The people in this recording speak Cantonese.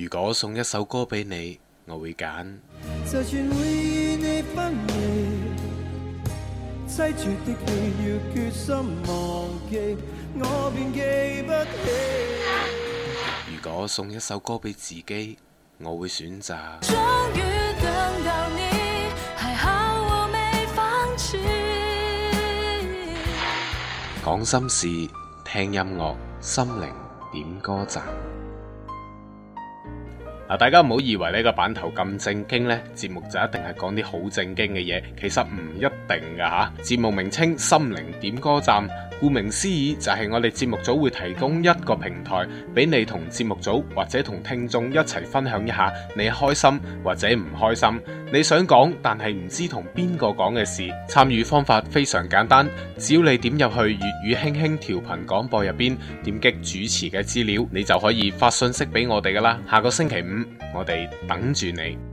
如果送一首歌俾你，我會揀。如果送一首歌俾自己，我會選擇。終於等到你。講 心事，聽音樂，心靈點歌站。大家唔好以為呢個版頭咁正經，呢節目就一定係講啲好正經嘅嘢，其實唔一定㗎嚇，啊。節目名稱《心靈點歌站》。顧名思義，就係我哋節目組會提供一個平台，俾你同節目組或者同聽眾一齊分享一下你開心或者唔開心，你想講但係唔知同邊個講嘅事。參與方法非常簡單，只要你點入去粵語輕輕調頻廣播入邊，點擊主持嘅資料，你就可以發信息俾我哋噶啦。下個星期五，我哋等住你。